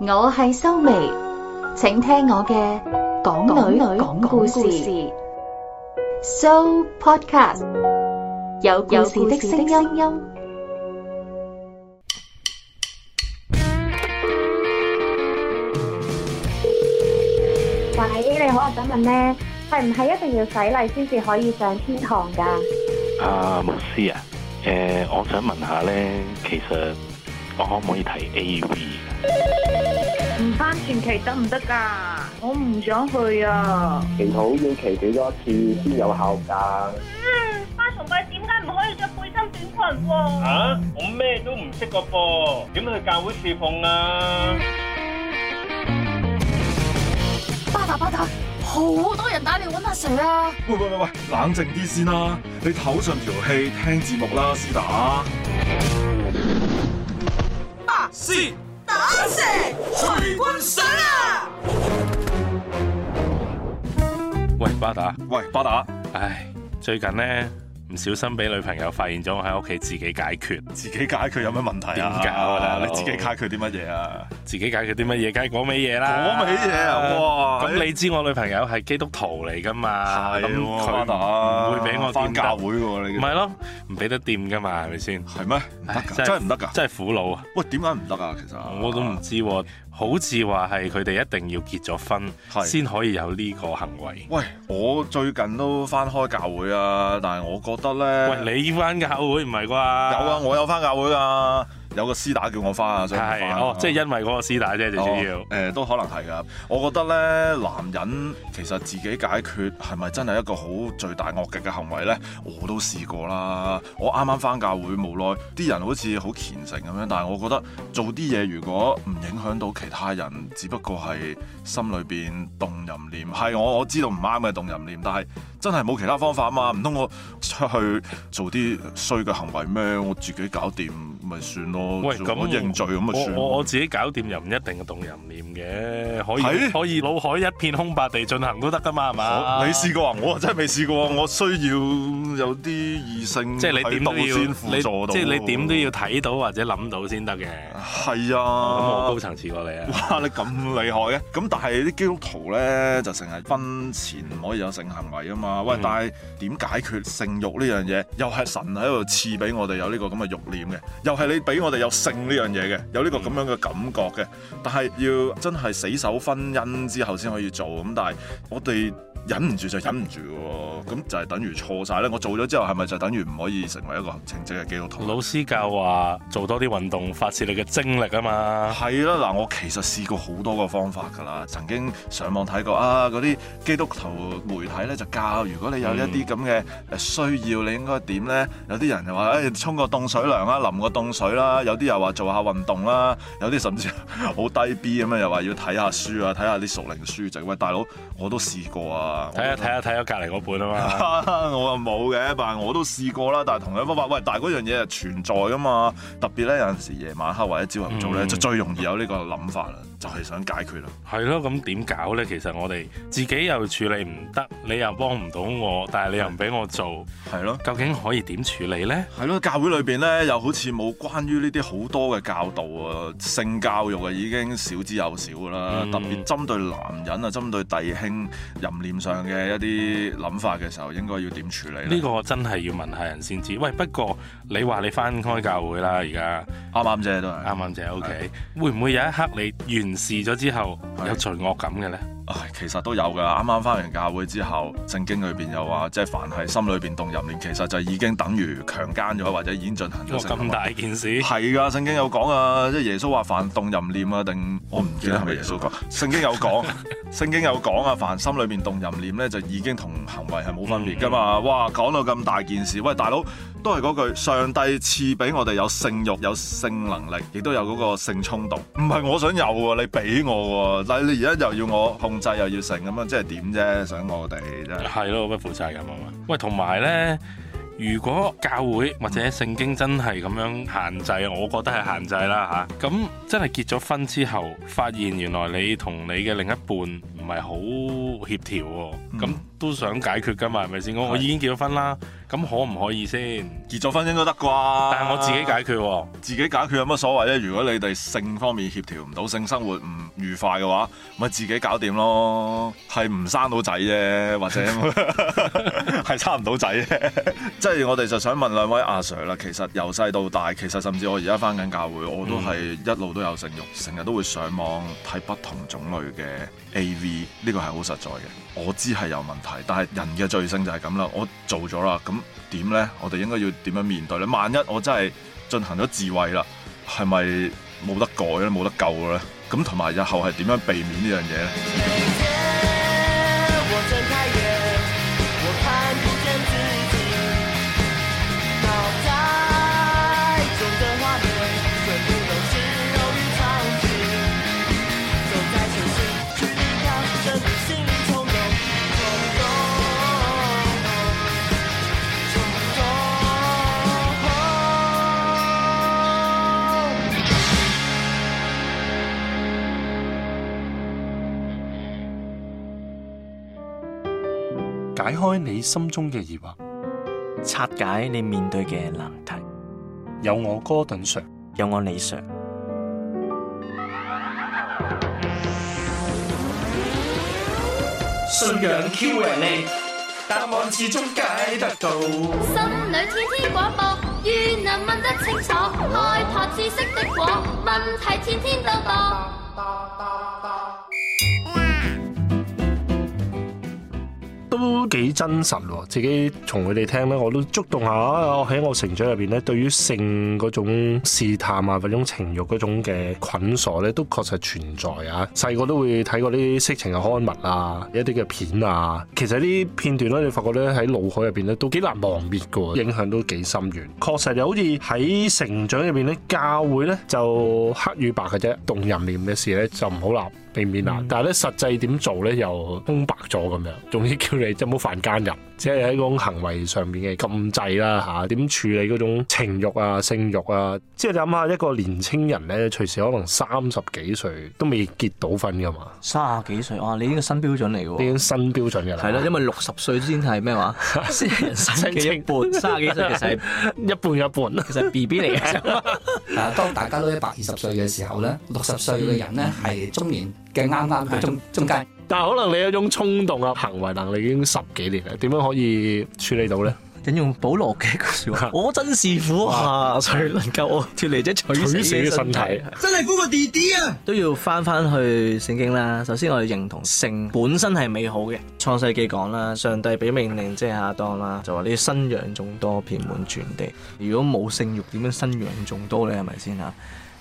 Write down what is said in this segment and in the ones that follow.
我係修眉，請聽我嘅港女講故事。So podcast 有故事的聲音。喂，你好，我想問咧，係唔係一定要洗禮先至可以上天堂噶？啊，牧師啊，誒，我想問下咧，其實。可行行我可唔可以睇 A V？唔翻前期得唔得噶？我唔想去啊！祈禱要祈禱幾多次先有效噶？嗯，花叢妹點解唔可以着背心短裙？吓、啊，我咩都唔識個噃，點去教會侍奉啊？巴打巴打，好多人打嚟搵阿 Sir 啊！喂喂喂喂，冷靜啲先啦，你唞順條氣，聽節目啦 Sir 是四打蛇隨棍上啊！喂巴打，喂巴打，唉最近呢？唔小心俾女朋友發現咗，我喺屋企自己解決。自己解決有咩問題啊？點解啊？你自己解決啲乜嘢啊？自己解決啲乜嘢？梗係講味嘢啦。講味嘢啊！哇！咁你知我女朋友係基督徒嚟㗎嘛？咁佢兄唔會俾我返教會喎，你唔係咯？唔俾得掂㗎嘛？係咪先？係咩？唔得㗎，真係唔得㗎，真係苦惱啊！喂，點解唔得啊？其實我都唔知喎，好似話係佢哋一定要結咗婚先可以有呢個行為。喂，我最近都返開教會啊，但係我覺得。喂，你呢班嘅教會唔係啩？有啊，我有翻教會啊。 有個師打叫我翻啊，想翻、啊、哦，即係因為嗰個師打啫，最主要誒、哦呃、都可能係噶。我覺得咧，男人其實自己解決係咪真係一個好罪大惡極嘅行為咧？我都試過啦。我啱啱翻教會，無奈啲人好似好虔誠咁樣，但係我覺得做啲嘢如果唔影響到其他人，只不過係心裏邊動淫念係我我知道唔啱嘅動淫念，但係真係冇其他方法嘛？唔通我出去做啲衰嘅行為咩？我自己搞掂。咪算咯，咁認罪咁咪算我。我我自己搞掂又唔一定動淫念嘅，可以是可以腦海一片空白地進行都得噶嘛，係嘛？你試過啊？我真係未試過，我需要有啲異性即係你點都要輔助到。即係你點都要睇到或者諗到先得嘅。係啊，咁我高層次過你啊！哇，你咁厲害嘅！咁但係啲基督徒咧就成日婚前唔可以有性行為啊嘛。喂，嗯、但係點解決性欲呢樣嘢？又係神喺度賜俾我哋有呢個咁嘅慾念嘅，係你俾我哋有性呢樣嘢嘅，有呢個咁樣嘅感覺嘅，但係要真係死守婚姻之後先可以做咁，但係我哋。忍唔住就忍唔住喎、哦，咁就係等於錯晒咧。我做咗之後係咪就等於唔可以成為一個正職嘅基督徒？老師教話做多啲運動發泄你嘅精力啊嘛。係咯，嗱，我其實試過好多個方法㗎啦。曾經上網睇過啊，嗰啲基督徒媒體咧就教，如果你有一啲咁嘅誒需要，你應該點咧？嗯、有啲人就話誒，衝、哎、個凍水涼啦，淋個凍水啦。有啲又話做下運動啦，有啲甚至好低 B 咁啊，又話要睇下書啊，睇下啲屬靈書籍。喂，大佬，我都試過啊！睇下，睇下，睇下隔離嗰本啊嘛， 我又冇嘅，但係我都試過啦。但係同樣方法，喂，但係嗰樣嘢係存在噶嘛。特別咧，有陣時夜晚黑或者朝頭早咧，就、嗯、最容易有呢個諗法啦。就係想解決啦，係咯，咁點搞呢？其實我哋自己又處理唔得，你又幫唔到我，但係你又唔俾我做，係咯？究竟可以點處理呢？係咯，教會裏邊呢，又好似冇關於呢啲好多嘅教導啊，性教育啊已經少之又少啦。嗯、特別針對男人啊，針對弟兄淫念上嘅一啲諗法嘅時候，應該要點處理呢？呢個真係要問下人先知。喂，不過你話你翻開教會啦，而家啱啱姐都係啱啱姐 okay，、嗯、會唔會有一刻你完？試咗之後，有罪惡感嘅咧。唉、哎，其實都有噶。啱啱翻完教會之後，聖經裏邊又話，即係凡係心裏邊動淫念，其實就已經等於強姦咗，或者已經進行咗咁大件事係噶、嗯，聖經有講啊，即係耶穌話凡動淫念啊，定我唔記得係咪耶穌講？聖經有講，聖經有講啊， 凡心裏邊動淫念咧，就已經同行為係冇分別噶嘛。哇，講到咁大件事，喂，大佬都係嗰句，上帝賜俾我哋有性慾、有性能力，亦都有嗰個性衝動。唔係我想有喎，你俾我喎，但係你而家又要我制又要成咁樣，即係點啫？想我哋真係係咯，不負責任嘛。喂、嗯，同埋咧，如果教會或者聖經真係咁樣限制，我覺得係限制啦吓。咁真係結咗婚之後，發現原來你同你嘅另一半。唔係好協調喎、哦，咁、嗯、都想解決㗎嘛，係咪先？我是我已經結咗婚啦，咁可唔可以先結咗婚應該得啩？但係我自己解決、哦，自己解決有乜所謂咧？如果你哋性方面協調唔到，性生活唔愉快嘅話，咪自己搞掂咯。係唔生到仔啫，或者係生唔到仔啫。即係 我哋就想問兩位阿、啊、sir 啦。其實由細到大，其實甚至我而家返緊教會，我都係一路都有性欲，成日都會上網睇不同種類嘅 AV。呢個係好實在嘅，我知係有問題，但係人嘅罪性就係咁啦。我做咗啦，咁點呢？我哋應該要點樣面對呢？萬一我真係進行咗自慰啦，係咪冇得改咧？冇得救咧？咁同埋日後係點樣避免呢樣嘢呢？解開你心中嘅疑惑，拆解你面對嘅難題，有我哥頓 Sir，有我李 Sir。信仰 Q and A，答案始終解得到，心裏天天廣播，願能問得清楚，開拓知識的火，問題天天都多。都幾真實喎，自己從佢哋聽咧，我都觸動下。喺我，我成長入邊咧，對於性嗰種試探啊，嗰種情慾嗰種嘅困鎖咧，都確實存在啊。細個都會睇過啲色情嘅刊物啊，一啲嘅片啊。其實呢啲片段咧，你發覺咧喺腦海入邊咧，都幾難忘滅噶，影響都幾深遠。確實就好似喺成長入邊咧，教會咧就黑與白嘅啫，動淫念嘅事咧就唔好諗。避免啊，嗯、但係咧實際點做咧又空白咗咁樣，仲之叫你即係唔好犯奸淫。即係一種行為上面嘅禁制啦，嚇、啊、點處理嗰種情欲啊、性欲啊？即係你諗下，一個年青人咧，隨時可能三十幾歲都未結到婚㗎嘛？三十幾歲啊？你呢個新標準嚟嘅喎？呢種新標準㗎啦。係啦，因為六十歲先係咩話？先年青半。三十幾歲其實 一半一半。其實 B B 嚟嘅。啊， 當大家都一百二十歲嘅時候咧，六十歲嘅人咧係中年嘅啱啱中中間。但係可能你有種衝動啊，行為能力已經十幾年啦，點樣可以處理到咧？引用保羅嘅一句說話， 我真是苦啊，哇 所以能夠我脫離這取死嘅身體。真係苦個弟弟啊！ 都要翻翻去聖經啦。首先我哋認同性本身係美好嘅。創世記講啦，上帝俾命令即係下當啦，就話你生養眾多遍滿全地。如果冇性欲，點樣生養眾多咧？係咪先啊？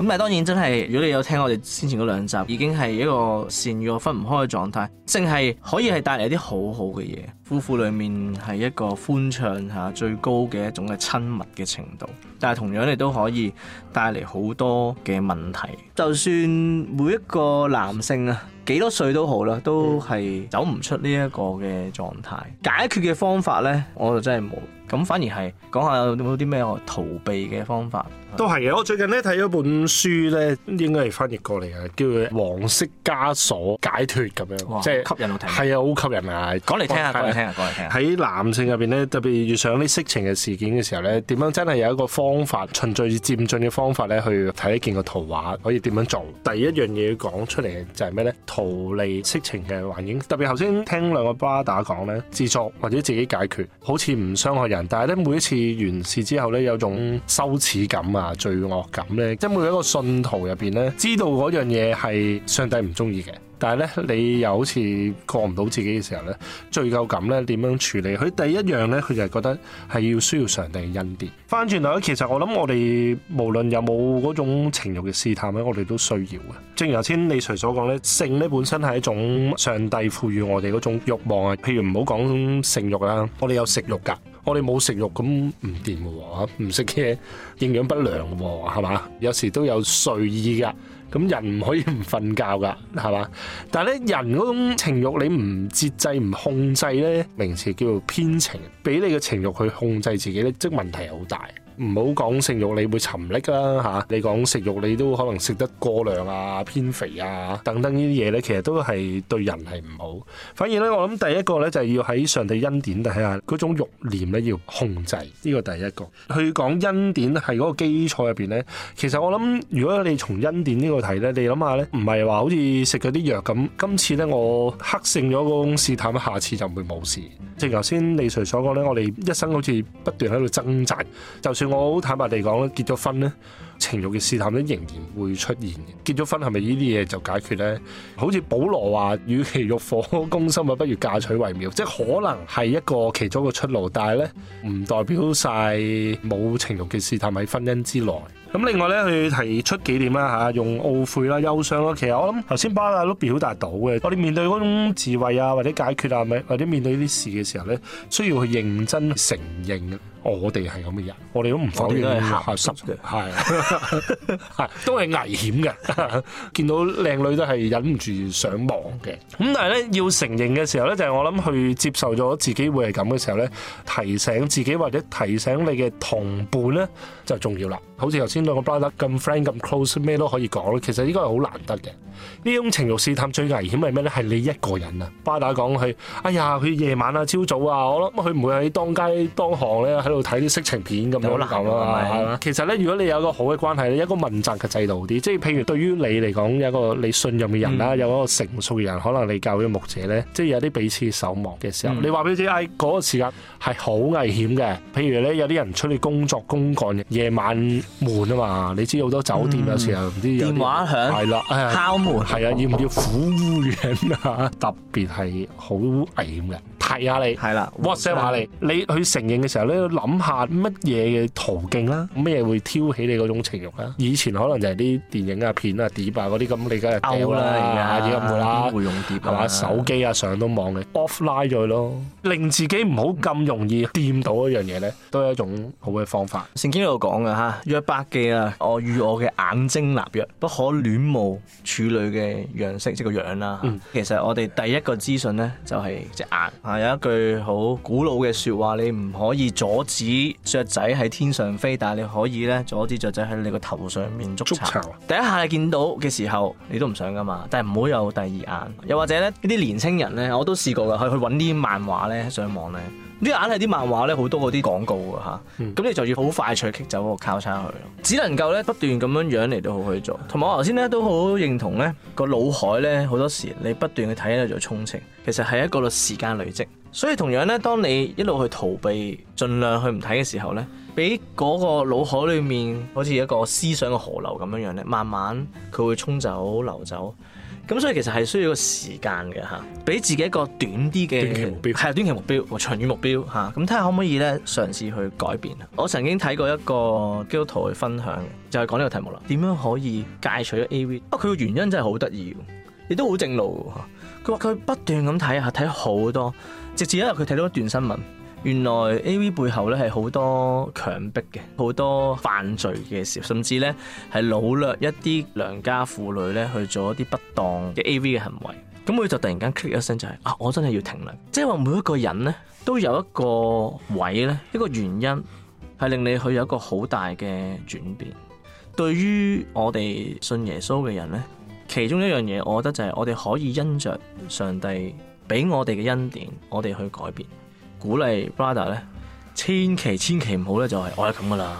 咁但係當然真係，如果你有聽我哋先前嗰兩集，已經係一個善與惡分唔開嘅狀態，淨係可以係帶嚟啲好好嘅嘢。夫婦裡面係一個歡唱下最高嘅一種嘅親密嘅程度，但係同樣你都可以帶嚟好多嘅問題。就算每一個男性啊幾多歲都好啦，都係走唔出呢一個嘅狀態。解決嘅方法呢，我就真係冇。咁反而係講下有冇啲咩逃避嘅方法？都係嘅，我最近咧睇咗本書咧，應該係翻譯過嚟嘅，叫做《黃色枷鎖》解脫咁樣，哇即係是吸引我聽。係啊，好吸引啊！講嚟聽下，講嚟的聽下，講嚟聽下。喺男性入邊咧，特別遇上啲色情嘅事件嘅時候咧，點樣真係有一個方法，循序漸進嘅方法咧，去睇一見個圖畫可以點樣做？第一樣嘢要講出嚟嘅就係咩咧？逃離色情嘅環境，特別頭先聽兩個巴打講咧，自作或者自己解決，好似唔傷害人，但係咧每一次完事之後咧，有種羞恥感啊！啊，罪惡感咧，即係每一個信徒入邊咧，知道嗰樣嘢係上帝唔中意嘅，但係咧你又好似過唔到自己嘅時候咧，罪疚感咧點樣處理？佢第一樣咧，佢就係覺得係要需要上帝嘅恩典。翻轉頭，其實我諗我哋無論有冇嗰種情慾嘅試探咧，我哋都需要嘅。正如頭先李 sir 所講咧，性咧本身係一種上帝賦予我哋嗰種慾望啊，譬如唔好講性慾啦，我哋有食慾噶。我哋冇食肉咁唔掂嘅喎，唔食嘢營養不良嘅喎，係嘛？有時都有睡意噶，咁人唔可以唔瞓覺噶，係嘛？但係咧人嗰種情慾你唔節制唔控制咧，名詞叫做偏情，俾你嘅情慾去控制自己咧，即係問題好大。唔好講性慾，你會沉溺啦嚇、啊；你講食慾，你都可能食得過量啊、偏肥啊等等呢啲嘢呢，其實都係對人係唔好。反而呢，我諗第一個呢，就係、是、要喺上帝恩典底下嗰種慾念咧要控制，呢、這個第一個。去講恩典係嗰個基礎入邊呢。其實我諗如果你從恩典呢個睇呢，你諗下呢，唔係話好似食嗰啲藥咁，今次呢，我黑勝咗個試探，下次就唔會冇事。正如頭先李瑞所講呢，我哋一生好似不斷喺度掙扎，就算。我好坦白地講咧，結咗婚咧，情欲嘅試探咧仍然會出現嘅。結咗婚係咪呢啲嘢就解決咧？好似保羅話，與其欲火攻心啊，不如嫁娶為妙。即係可能係一個其中一個出路，但係咧唔代表晒冇情欲嘅試探喺婚姻之內。咁另外咧，佢提出幾點啦吓，用懊悔啦、憂傷啦。其實我諗頭先巴啦、Ruby 表達到嘅。我哋面對嗰種智慧啊，或者解決啊，咪或者面對呢啲事嘅時候咧，需要去認真承認。我哋係咁嘅人，我哋濕 都唔否認係鹹濕嘅，係係都係危險嘅。 見到靚女都係忍唔住上網嘅。咁但係咧，要承認嘅時候咧，就係、是、我諗去接受咗自己會係咁嘅時候咧，提醒自己或者提醒你嘅同伴咧就重要啦。好似頭先兩個巴打咁 friend、咁 close，咩都可以講，其實應該係好難得嘅。呢種情慾試探最危險係咩咧？係你一個人啊！巴打講佢：「哎呀，佢夜晚啊、朝早啊，我諗佢唔會喺當街當行咧。度睇啲色情片咁可能咁啊，係嘛？其實咧，如果你有個好嘅關係咧，一個問責嘅制度啲，即係譬如對於你嚟講有一個你信任嘅人啦，有嗰個成熟嘅人，可能你教咗個牧者咧，即係有啲彼此守望嘅時候，你話俾佢知，嗌嗰個時間係好危險嘅。譬如咧，有啲人出去工作公幹，夜晚悶啊嘛，你知好多酒店有時候啲電話響，係啦，敲門，係啊，要唔要呼喚人啊？特別係好危險嘅。係啊，你係啦。WhatsApp 下你，你去承認嘅時候咧，要諗下乜嘢嘅途徑啦，乜嘢會挑起你嗰種情慾啊。以前可能就係啲電影 ale, 了啊、片啊、碟啊嗰啲咁，你而家又 out 啦，而家冇啦，冇用碟，係嘛，手機啊，上到網嘅 offline 咗咯，令自己唔好咁容易掂到一樣嘢咧，嗯、都係一種好嘅方法。聖經嗰度講嘅嚇，約伯記啊，我與我嘅眼睛立約，不可戀慕處女嘅樣式，即係個樣啦、啊。嗯、其實我哋第一個資訊咧就係隻眼。有一句好古老嘅說話，你唔可以阻止雀仔喺天上飛，但係你可以咧阻止雀仔喺你個頭上面捉巢。捉巢。第一下你見到嘅時候，你都唔想噶嘛，但係唔好有第二眼。又或者咧，呢啲年輕人咧，我都試過噶，去去搵啲漫畫咧上網咧。呢眼係啲漫畫咧，好多嗰啲廣告㗎吓，咁、嗯、你就要好快脆，速走嗰個交叉去咯，只能夠咧不斷咁樣樣嚟到去去做。同埋我頭先咧都好認同咧，個腦海咧好多時你不斷去睇咧就充斥，其實係一個落時間累積。所以同樣咧，當你一路去逃避，盡量去唔睇嘅時候咧，俾嗰個腦海裡面好似一個思想嘅河流咁樣樣咧，慢慢佢會沖走流走。咁所以其實係需要個時間嘅嚇，俾自己一個短啲嘅短期目標，係啊短期目標和長遠目標嚇，咁睇下可唔可以咧嘗試去改變。我曾經睇過一個基督徒去分享就係講呢個題目啦，點樣可以戒除 AV？啊、哦，佢嘅原因真係好得意，亦都好正路。佢話佢不斷咁睇下，睇好多，直至一日佢睇到一段新聞。原來 A.V. 背後咧係好多強迫嘅，好多犯罪嘅事，甚至咧係擄掠一啲良家婦女咧去做一啲不當嘅 A.V. 嘅行為。咁、嗯、佢就突然間 click 一聲、就是，就係啊，我真係要停啦！即係話，每一個人咧都有一個位咧，一個原因係令你去有一個好大嘅轉變。對於我哋信耶穌嘅人咧，其中一樣嘢，我覺得就係我哋可以因着上帝俾我哋嘅恩典，我哋去改變。鼓勵 brother 咧，千祈千祈唔好咧，就係 我係咁噶啦，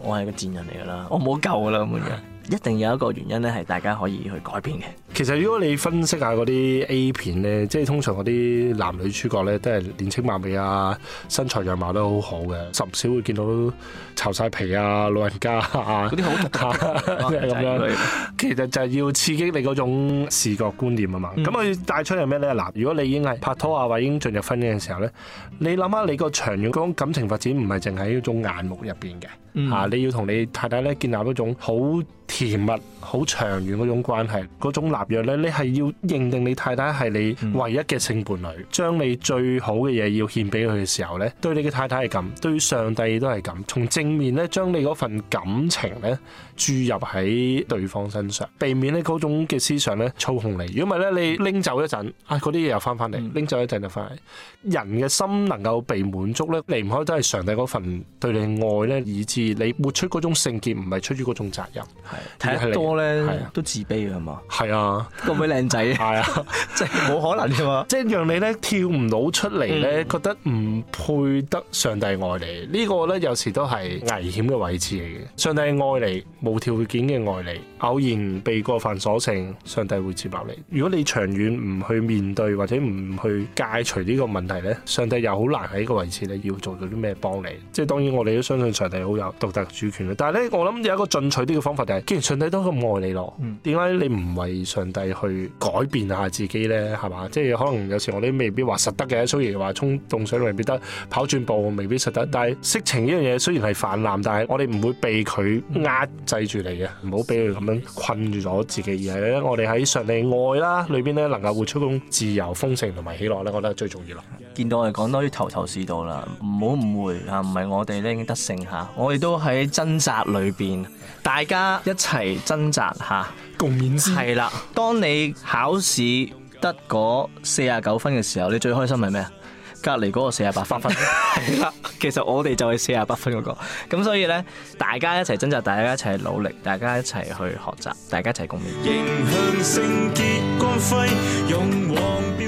我係個賤人嚟噶啦，我冇救噶啦咁樣。 一定有一個原因咧，係大家可以去改變嘅。其實如果你分析下嗰啲 A 片咧，即係通常嗰啲男女主角咧都係年青貌美啊，身材樣貌都好好嘅，甚少會見到巢晒皮啊、老人家啊嗰啲好啊，即係咁樣。哦、其實就係要刺激你嗰種視覺觀念啊嘛。咁佢、嗯、帶出係咩咧？嗱，如果你已經係拍拖啊，或者已經進入婚姻嘅時候咧，你諗下你個長遠嗰種感情發展唔係淨喺呢種眼目入邊嘅嚇，嗯、你要同你太太咧建立一種好甜蜜好長遠嗰種關係，嗰種納約咧，你係要認定你太太係你唯一嘅性伴侶，將你最好嘅嘢要獻俾佢嘅時候呢，對你嘅太太係咁，對上帝都係咁。從正面呢，將你嗰份感情呢注入喺對方身上，避免咧嗰種嘅思想呢操控你。如果唔係呢，你拎走一陣，啊嗰啲嘢又翻返嚟，拎走一陣就翻嚟。人嘅心能夠被滿足呢，離唔開都係上帝嗰份對你嘅愛呢，以致你活出嗰種聖潔，唔係出於嗰種責任。睇得多咧、啊、都自卑嘅係嘛？係啊，咁鬼靚仔啊！係啊，即係冇可能嘅嘛！即係 讓你咧跳唔到出嚟咧，嗯、覺得唔配得上帝愛你呢個咧，有時都係危險嘅位置嚟嘅。上帝愛你，無條件嘅愛你。偶然被過犯所勝，上帝會接納你。如果你長遠唔去面對或者唔去戒除呢個問題咧，上帝又好難喺呢個位置咧要做到啲咩幫你。即係當然我哋都相信上帝好有獨特主權啦。但係咧，我諗有一個進取啲嘅方法就係。既然上帝都咁愛你咯，點解你唔為上帝去改變下自己呢？係嘛？即係可能有時我哋未必話實得嘅，雖然話沖凍水未必得，跑轉步未必實得。但係色情呢樣嘢雖然係泛濫，但係我哋唔會被佢壓制住嚟嘅，唔好俾佢咁樣困住咗自己。而係咧，我哋喺上帝愛啦裏邊咧，能夠活出一種自由、豐盛同埋喜樂咧，我覺得最重要咯。見到我哋講多啲頭頭是道啦，唔好誤會嚇，唔係我哋咧已經得勝嚇，我哋都喺掙扎裏邊，大家一齊掙扎下共勉之。係啦，當你考試得嗰四十九分嘅時候，你最開心係咩啊？隔離嗰個四十八分，係啦。其實我哋就係四十八分嗰個，咁所以咧，大家一齊掙扎，大家一齊努力，大家一齊去學習，大家一齊共勉。迎向聖潔光輝勇往。